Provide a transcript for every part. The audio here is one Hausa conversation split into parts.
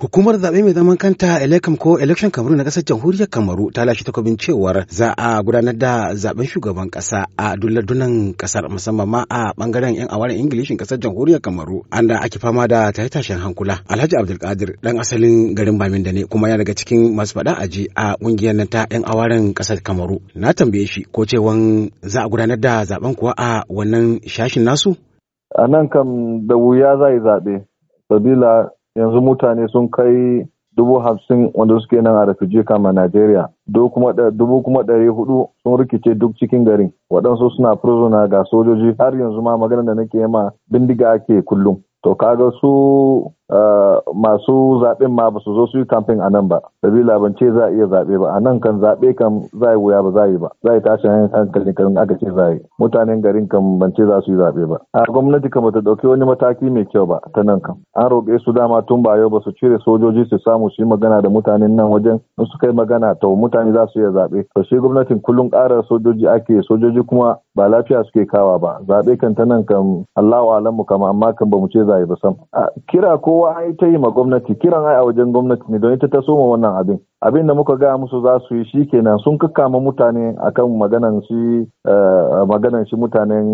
Hukumar zaɓe mai zaman kanta Elecam ko Election Kamaru na ƙasar jamhuriyar Kamaru ta lashe takobin cewar za a gudanar da zaɓen shugaban ƙasa a dunar-dunan ƙasar musamman ma a ɓangaren 'yan awaren Ingilishin ƙasar jamhuriyar Kamaru da ake fama da tashe-tashen hankula. Alhaji Abdulkadir ɗan asalin garin Bamin da ne kuma ya daga cikin masu faɗa a aji a ƙungiyar nan ta 'yan awaren ƙasar Kamaru. Na tambaye shi ko cewan za a gudanar da zaɓen kuwa a wannan shashin nasu? A nan kam da wuya za yi zaɓe. Sabila yanzu mutane sun kai dubu hamsin wanda suke nan a rafi camp Najeriya. Dubu kuma ɗari hudu sun rikice duk cikin garin. Waɗansu suna prisoner ga sojoji har yanzu ma maganar da nake ma bindiga ake kullum. To kaga su masu zaɓen ma ba su zo su yi kamfen a nan ba sabila ban ce za a iya zaɓe ba a nan kan zaɓe kan za yi wuya ba za yi ba za yi tashin hankali kan aka ce za yi mutanen garin kan ban ce za su yi zaɓe ba a gwamnati kan bata ɗauki wani mataki mai kyau ba ta nan kan an roƙe su dama tun ba yau ba su cire sojoji su samu su yi magana da mutanen nan wajen in su kai magana to mutane za su iya zaɓe to shi gwamnatin kullum ƙara sojoji ake sojoji kuma ba lafiya suke kawa ba zaɓe kan ta nan kan Allahu alamu kama amma kan ba mu ce za yi ba sam kira ko kowa ai ta yi ma gwamnati kiran ai a wajen gwamnati ne don ita ta soma wannan abin abin da muka gaya musu za su yi shi kenan sun kakkama mutane akan maganan shi eh, maganan shi mutanen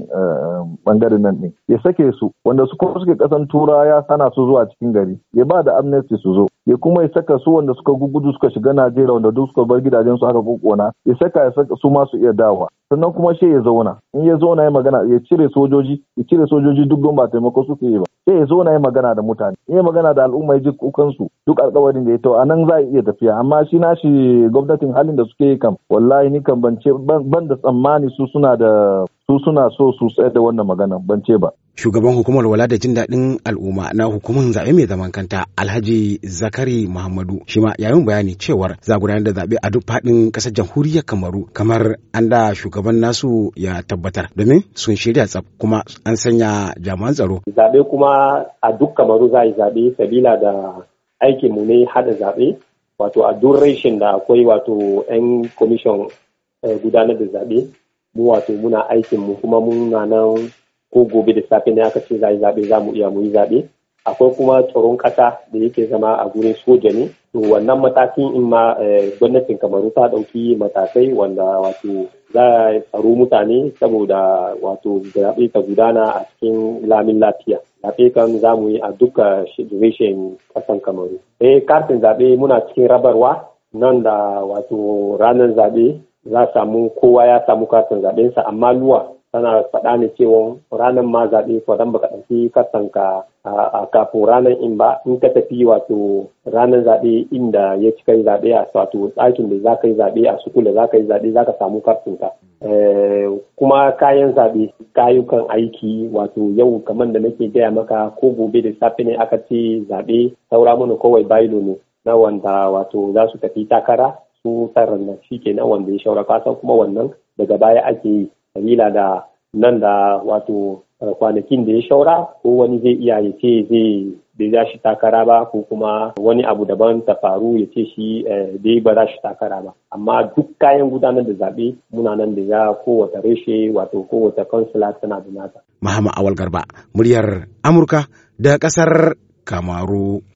eh, bangaren nan ɗin ya sake su wanda su kuma suke kasan tura ya sana su zuwa cikin gari ya ba da amnesty su zo ya kuma ya saka su wanda suka gugudu suka shiga Najeriya wanda duk suka bar gidajen su aka kokona ya saka ya saka su ma su iya dawa sannan kuma shi ya zauna in ya zauna ya magana ya cire sojoji ya cire sojoji duk don ba taimako su ke yi ba sai ya zauna ya magana da mutane in ya magana da al'umma ya ji kukan su duk alkawarin da ya tawa anan za a iya tafiya amma shi na shi gwamnatin halin da suke yi kam wallahi ni kan ban da tsammani su suna da su suna so su tsayar da wannan magana ban ce ba. Shugaban hukumar wala da jin daɗin al'umma na hukumar zaɓe mai zaman kanta Alhaji Zakari Muhammadu shi ma yayin bayani cewar za gudanar da zaɓe a duk faɗin ƙasar jamhuriyar Kamaru kamar an da shugaban nasu ya tabbatar domin sun shirya tsaf kuma an sanya jami'an tsaro. Zaɓe kuma a duk Kamaru za a yi zaɓe sabila da aikin mu ne haɗa zaɓe wato a duk da akwai wato 'yan kwamishin eh, gudanar da zaɓe mu wato muna aikin mu kuma muna nan ko gobe da safe ne aka ce za yi zaɓe za mu iya mu yi zaɓe akwai kuma tsaron ƙasa da yake zama a gurin soja ne to wannan matakin in ma eh, gwamnatin kamaru ta ɗauki matakai wanda wato za a tsaro mutane saboda wato zaɓe ta gudana a cikin lamin lafiya zaɓe kan za mu yi a duka shirin ƙasan kamaru eh kartin zaɓe muna cikin rabarwa nan da wato ranar zaɓe za a samu kowa ya samu katin zaɓensa amma luwa tana faɗa ne cewa ranar ma zaɓe dan baka ɗauki kasan ka a kafin ranar in ba in ka tafi wato ranar zaɓe inda ya ci kai zaɓe a wato ɗakin da za ka yi zaɓe a sukula za ka yi zaɓe za ka samu katin ka eh, kuma kayan zaɓe kayukan aiki wato yau kamar da nake gaya maka ko gobe da safe ne aka ce zaɓe saura mana kawai bailo ne na wanda wato za su tafi takara su tsarin nan shi kenan wanda ya shaura kasan kuma wannan daga baya ake yi sabila da nan da wato eh, kwanakin da ya shaura ko wani zai iya ya ce zai bai za shi takara ba ko kuma wani abu daban ta faru ya ce shi eh, bai ba za shi takara ba amma duk kayan gudanar da zaɓe muna nan da ya kowace reshe wato kowace kansila tana da nata. Muhammad Awal Garba muryar Amurka da ƙasar Kamaru.